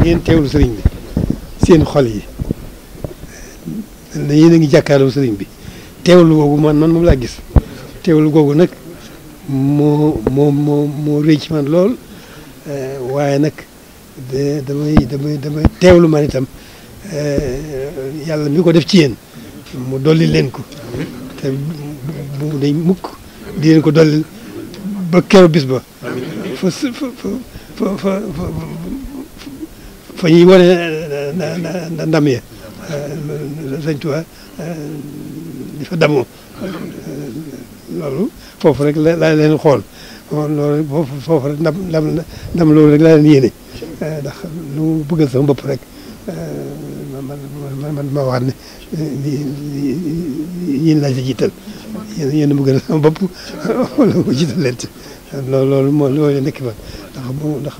ngeen teewlu sëriñ bi seen xol yi yéen a ngi jàkkaarloo sëriñ bi teewlu googu man man moom laa gis teewlu googu nag moo moo moo moo rëy man lool eh, waaye nag damay damay damay teewlu man itam eh, yàlla mi ko def ci yéen mu dolli leen ko te bu dañ mukk di leen ko dolli ba keroog bis ba fa fa fa fa ñuy wane eh, eh, ndam ya eh, sëñ Tuubaa loolu foofu rek la leen xool loolu foofu rek ndam loolu rek la leen yéene ndax lu mu bëggal sama rek man ma wax ne yéen laa ci jiital yéen yéen a loolu moo loolu nekk fa ndax bu ndax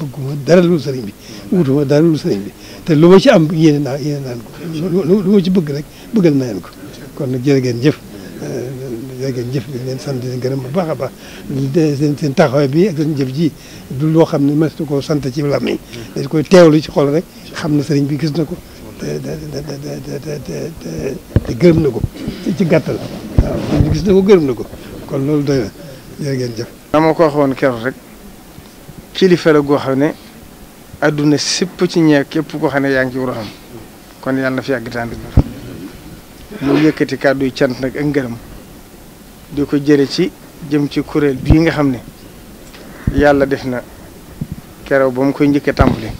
bëgguma dara lu sëriñ bi wutuma dara lu te lu ma ci am yéene naa yéene ko lu ma ci bëgg rek bëggal naa leen kon nag jërë ngeen jëf eh, jërë ngeen jëf di leen sant gërëm bu baax a baax seen seen taxawaay bi ak seen jëf ji du loo xam ne mas koo sant ci làmmiñ dañ koy teewlu ci xol rek xam na sëriñ bi gis na ko te te te gërëm na ko ci gàttal gis na ko gërëm na ko kon loolu doy na jërë ngeen jëf. dama ko waxoon keroog rek. kilifa la goo xam ne àdduna sipp ci ñeew képp koo xam ne yaa ngi ci war a xam kon yàlla na fi yàgg tànd mu yëkkati kàddu yu cant nag ak ngërëm di ko jële ci jëm ci kuréel bii nga xam ne yàlla def na keroog ba mu koy njëkkee tàmbali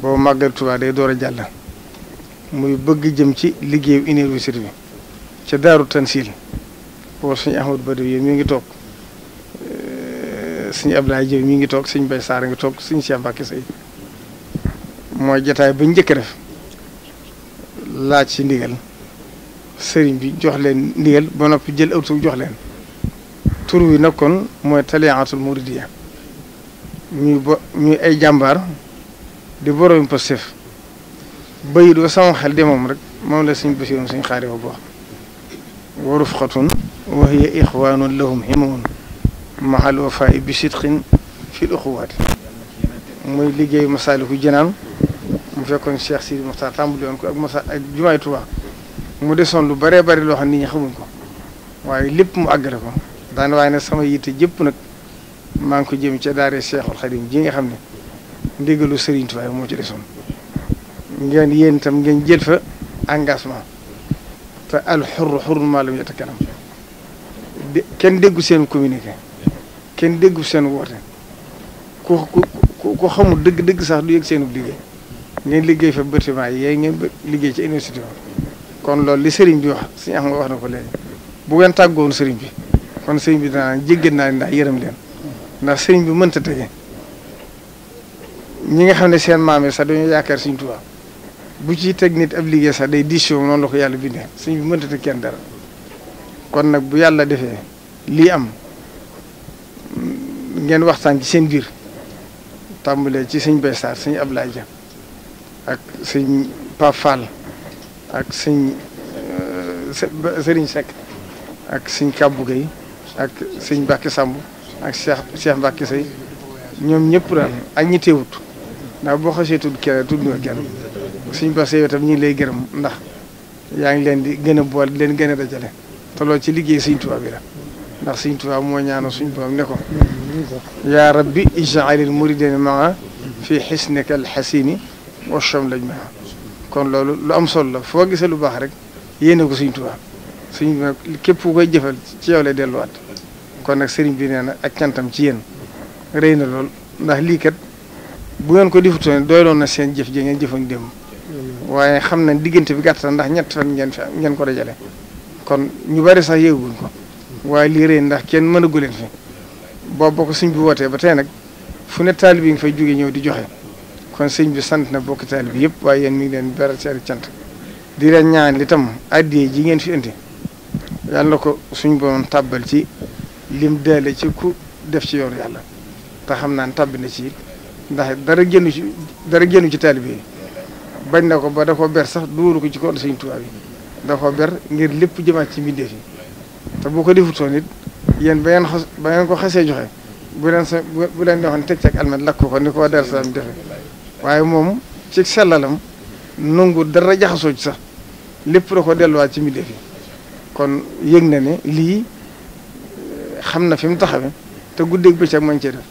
boo màggal Tuubaa day door a jàll muy bëgg jëm ci liggéeyu université bi ca daaru tansil boobu suñu Ahmadu Badawi mi ngi toog sëñ Abdoulaye Diop mi ngi toog sëñ Bay Saar ngi toog sëñ Cheikh Mbacke Seye mooy jataay ba njëkk def laaj ci ndigal sëriñ bi jox leen ndigal ba noppi jël aw tur jox leen tur wi nag kon mooy taliaatul muridiya ñuy bo ñuy ay jàmbaar di boroom Pastef bayit ba sama xel de moom rek moom la sëñ Basiiru sëñ xaari ba boo waru faqatun wa hiya ixwaanun lahum himamun mahal wafaay bi sidqin fil uxuwaati muy liggéey Masaalikul janaan mu fekkoon Cheikh Sidi Moxtaar tàmbali woon ko ak Massa ak jumaay Tuubaa mu desoon lu bëree bëri loo xam nit ñi xamuñ ko waaye lépp mu àggale ko daan waaye ne sama yitte jëpp nag maa ngi ko jëm ca daare Cheikhul Xadim ji nga xam ne ndigalu Serigne Touba moo ci desoon ngeen yéen itam ngeen jël fa engagement te al xurru xurru maa lam kenn déggu seen communiqué. kenn déggu seen woote ko ku ko xamul dëgg dëgg sax du yëg seen liggéey ngeen liggéey fa bëti yi yéen ngeen liggéey ci université kon loolu li sëriñ bi wax suñu am wax na ko léegi bu ngeen tàggoon sëriñ bi kon sëriñ bi danaa jéggal naa ndax yërëm leen ndax sëriñ bi mënta tege ñi nga xam ne seen maam yi sax dañoo yaakaar suñu Tuubaa bu ci teg nit ab liggéey sax day diis noonu la ko yàlla bindee sëriñ bi mënta teg kenn dara kon nag bu yàlla defee lii am. ngeen waxtaan ci seen biir tàmbalee ci sëñ Bay Sarr sëñ Ablaye ak sëñ Pape Fall ak sëñ euh, Sëriñ Seck ak sëñ Kabou Gueye ak sëñ Mbacke Samb ak Cheikh Cheikh Mbacke Sey ñoom ñëpp daal ak ñi teewut ndax boo xasee tudd kenn tudd nga kenn suñ ba yow tam lay gërëm ndax yaa ngi leen di gën a boole leen gën a dajale te loolu ci liggéey Sëñ Tuubaa bi la. ndax Sëriñ Tuubaa moo ñaanal suñu borom ne ko yaa rabbi ijaalil muridina maa fi xisnika alxasini wa shamlaj maa kon loolu lu am solo la foo gisee lu baax rek yéene ko Sëriñ Tuubaa sëriñ bi képp ku koy jëfal ci yow lay delluwaat kon nag sëriñ bi nee na ak cantam ci yéen rëy na lool ndax lii kat bu ngeen ko defutoon dooloon na seen jëf ji ngeen jëfoon démb waaye xam na diggante bi gàtt na ndax ñett fan ngeen fi ngeen ko dajale kon ñu bari sax yéeguñ ko waaye lii yi ndax kenn mën a guleen fi boobu ko sëñ bi wootee ba tey nag fu ne taalibe yi nga fay jóge ñëw di joxe kon sëñ bi sant na bokk taalibe bi yëpp waaye yéen mi ngi leen beral seen cant di leen ñaan li tam addiyee ji ngeen fi indi yàlla la ko suñ borom tàbbal ci lim deele ci ku def ci yoonu yàlla te xam naa ne tàbbi na ci ndax dara génnu ci dara ci taalibe yi bañ na ko ba da koo ber sax duuru ko ci kon sëñ Tuubaa bi da koo ber ngir lépp jëmaat ci mbindeef yi te boo ko defutoon it yéen ba ngeen ko xasee joxe bu leen sa bu leen neexoon teg ak almet lakk ko ni koo der salaam defe waaye moom ci sellalam nangu dara jaxasoo ci sax lépp da ko delluwaat ci mbindeef yi kon yëg na ne lii eh, xam na fi mu taxawe te guddeeg bëccëg mën cee def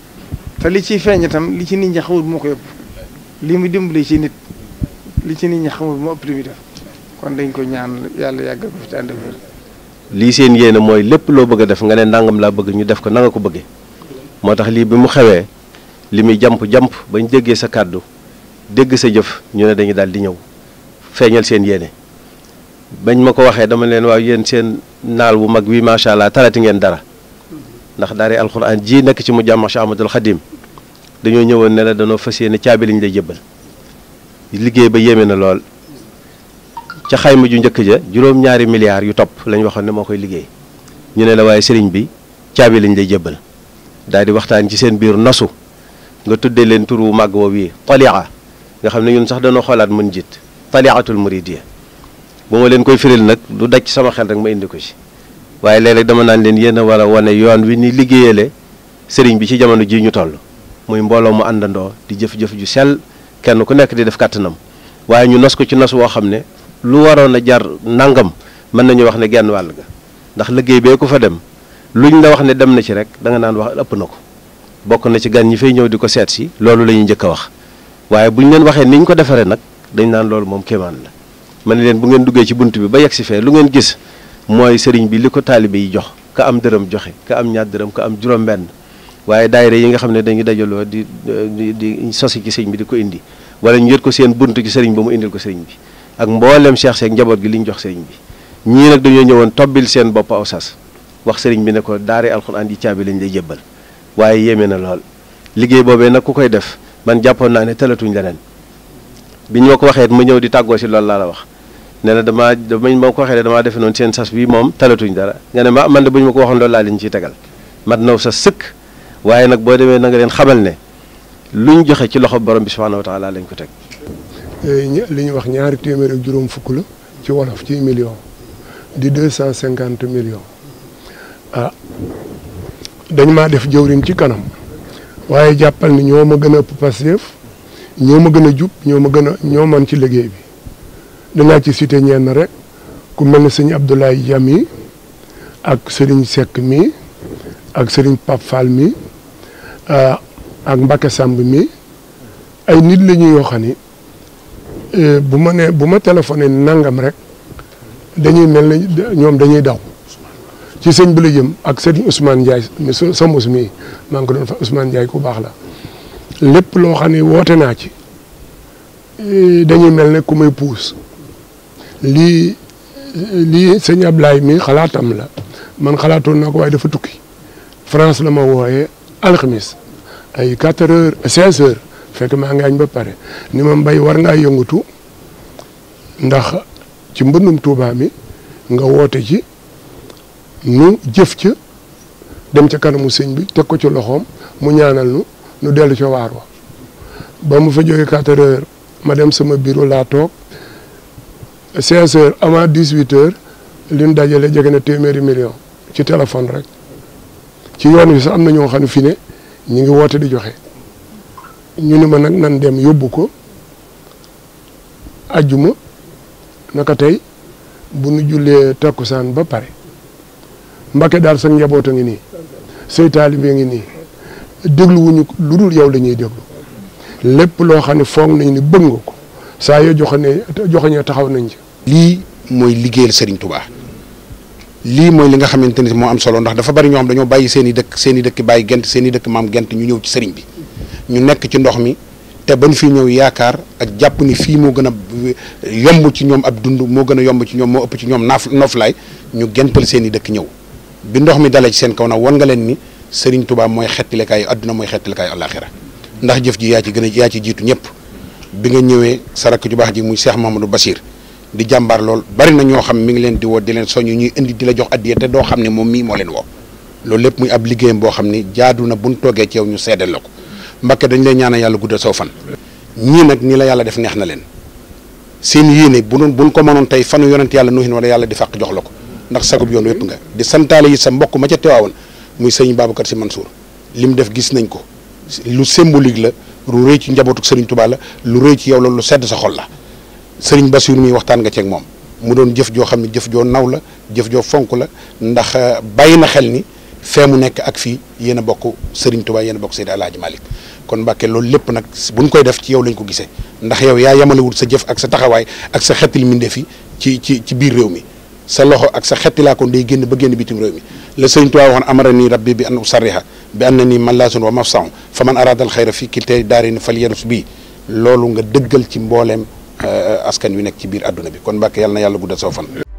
te li ciy feeñ itam li ci nit ñi xamul moo ko mu dimbali ci nit li ci nit ñi xamul moo def kon dañ ko ñaan yàlla yàggal ko fi te ànd lii seen yéene mooy lépp loo bëgg a def nga ne nangam laa bëgg ñu def ko nanga ko bëgge moo tax lii bi mu xewee li muy jàmp-jàmp bañ déggee sa kàddu dégg sa jëf ñu ne dañu daal di ñëw feeñal seen yéene bañ ma ko waxee dama leen waaw yéen seen naal wu mag wi macha allah tarati ngeen dara ndax daare alxuraan jii nekk ci mu jàmm Cheikh Ahmadul Xadim dañoo ñëwoon ne la danoo fas ne caabi lañ lay jëbbal liggéey ba yéeme na lool ca xayma ju njëkk ja juróom-ñaari milliards yu topp lañ waxoon ne moo koy liggéey ñu ne la waaye sëriñ bi caabi lañ lay jébbal daal di waxtaan ci seen biir nosu nga tuddee leen turu màgg woowu yi tali'a nga xam ne ñun sax dañoo xoolaat mën jiit tali'atul yi bu ma leen koy firil nag du daj sama xel rek ma indi ko ci waaye léeg-léeg dama naan leen yéen a war yoon wi ni liggéeyale sëriñ bi ci jamono ji ñu toll muy mbooloo mu àndandoo di jëf ju sell kenn ku nekk di def kàttanam waaye ñu xam ne lu waroon a jar nangam mën nañu wax ne genn wàll ga ndax liggéey bee ko fa dem luñ la wax ne dem na ci rek da nga naan wax ëpp na ko bokk na ci gan ñi fay ñëw di ko seet si loolu la ñuy njëkk a wax waaye bu ñu leen waxee ni ñu ko defaree nag dañ naan loolu moom kéemaan la ma ne leen bu ngeen duggee ci bunt bi ba yegg si fee lu ngeen gis mooy sëriñ bi li ko taalibe yi jox ka am dërëm joxe ka am ñaar dërëm ka am juróom-benn waaye daayira yi nga xam ne dañuy dajaloo di eh, di sosi ci bi di ko indi wala ñu yët ko seen bunt ci sëriñ ba mu indil ko sëriñ bi ak mbooleem Cheikh Seck njaboot gi li ñu jox sëriñ bi ñii nag dañoo ñëwoon tobbil seen bopp aw sas wax sëriñ bi ne ko daare alxuraan yi caabi lañ lay jébbal waaye yéeme na lool liggéey boobee nag ku koy def man jàppoon naa ne talatuñ leneen bi ñu ma ko waxee ma ñëw di tàggoo si loolu laa la wax ne la damaa damañ ma ko waxee damaa defe noonu seen sas wi moom talatuñ dara nga ne ma man de bu ñu ma ko waxoon loolu laa leen ciy tegal mat naw sa sëkk waaye nag boo demee na nga leen xamal ne lu ñu joxe ci loxo borom bi subhanahu wa taala lañ ko teg Euh, liñu wax ñaari téeméer ak juroom fukk la ci wolof ci million di 250 million ah dañ ma def jëwriñ ci kanam waye jappal ni ñoo ma gën a ëpp Pastef ñoo ma gën jup jub ñoo ma gën ñoo man ci liggéey bi dina ci cité ñen rek ku melni serigne Abdoulaye ak Serigne sek mi ak Serigne pap Fall mi ah, ak Mbacke Samb mi ay nit lañuy ñuy Euh, bu ma nee bu ma téléphoné nangam rek dañuy mel ne ñoom dañuy daw ci sëñ bi la jëm ak sëñ mi Ndiaye samus mii maa ngi ko doon fa Ousmane Ndiaye ku baax la lépp loo xam ne woote naa ci euh, dañuy mel ne ku may puus lii lii sëñ Ablaye mi xalaatam la man xalaatoon naa ko waaye dafa tukki France la ma wooyee alxamis ay 4 heures fekk maa ngi añ ba pare ni ma mbay war ngaa yëngatu ndax ci mbënnum Tuuba mi nga woote ci nu jëf ca dem ca kanamu sëñ bi teg ko ci loxoom mu ñaanal nu nu dellu ca waar wa ba mu fa jógee quatre ma dem sama bureau laa toog seize heures avant dix-huit heures li ñu dajale jege na téeméeri million ci téléphone rek ci yoonu wi sax am na ñoo xam ne fi ne ñu ngi woote di joxe ñu ni ma nag nan dem yóbbu ko ajjuma ko tey bu nu jullee takkusaan ba pare Mbacke daal sa njaboot a ngi nii say taalibe ngi nii dégluwuñu lu dul yow la ñuy lépp loo xam ne foog nañ ni bëgg nga ko saa yoo joxe ne joxeñee taxaw nañ ci. lii mooy liggéeyal Serigne Touba lii mooy li nga xamante ni moo am solo ndax dafa bari ñoo xam dañoo bàyyi seen i dëkk seen i dëkk bàyyi gent seeni i dëkk maam gent ñu ñëw ci Serigne bi. ñu nekk ci ndox mi te bañ fi ñëw yaakaar ak jàpp ni fii moo gën a yomb ci ñoom ab dund moo gën a yomb ci ñoom moo ëpp ci ñoom naaf noflaay ñu gental seen i dëkk ñëw bi ndox mi dalee ci seen kaw na wan nga leen ni Serigne Touba mooy xettilikaayu adduna mooy xettilikaayu àllaaxira ndax jëf ji yaa ci gën a yaa ci jiitu ñëpp bi nga ñëwee sarak ju baax ji muy Cheikh Mamadou Bachir di jàmbaar lool bari na ñoo xam mi ngi leen di woo di leen soñu ñuy indi di la jox addiya te doo xam ne moom mii moo leen woo loolu lépp muy ab liggéeyam boo xam ni jaadu na bu buñ toogee ci yow ñu seddal la ko Mbàkke dañ lay ñaanal yàlla guddal soo fan ñii nag nii la yàlla def neex na leen seen yéene bu doon buñ ko mënoon tey fanu yonent yàlla nuuhin wala yàlla di fàq jox la ko ndax sagub yoon wépp nga di santaale yi sa mbokk ma ca teewaawoon muy sëñ Babacar Sy Mansour li mu def gis nañ ko lu symbolique la lu rëy ci njabootu sëriñ Tuubaa la lu rëy ci yow la lu sedd sa xol la sëriñ Basiru muy waxtaan nga ceeg moom mu doon jëf joo xam ne jëf joo naw la jëf joo fonk la ndax eh, bàyyi na xel ni fee mu nekk ak fii yéen a bokk sëriñ Tuubaa yéen bokk Seydi Alaaji Malick kon Mbàkke loolu lépp nag buñ koy def ci yow lañ ko gisee ndax yow yaa yamalewul sa jëf ak sa taxawaay ak sa xettil mbindéef yi ci ci ci biir réew mi sa loxo ak sa xettilaa kon day génn ba génn bitim réew mi la sëñ Tuubaa waxoon amara nii rab bi an usarriha bi an na nii man laasun wa mafsan fa man araadal xayra fii kiltee daari ni fal yarus bii loolu nga dëggal ci mbooleem euh, askan wi nekk ci biir àdduna bi kon Mbàkke yàlla na yàlla guddal soo fan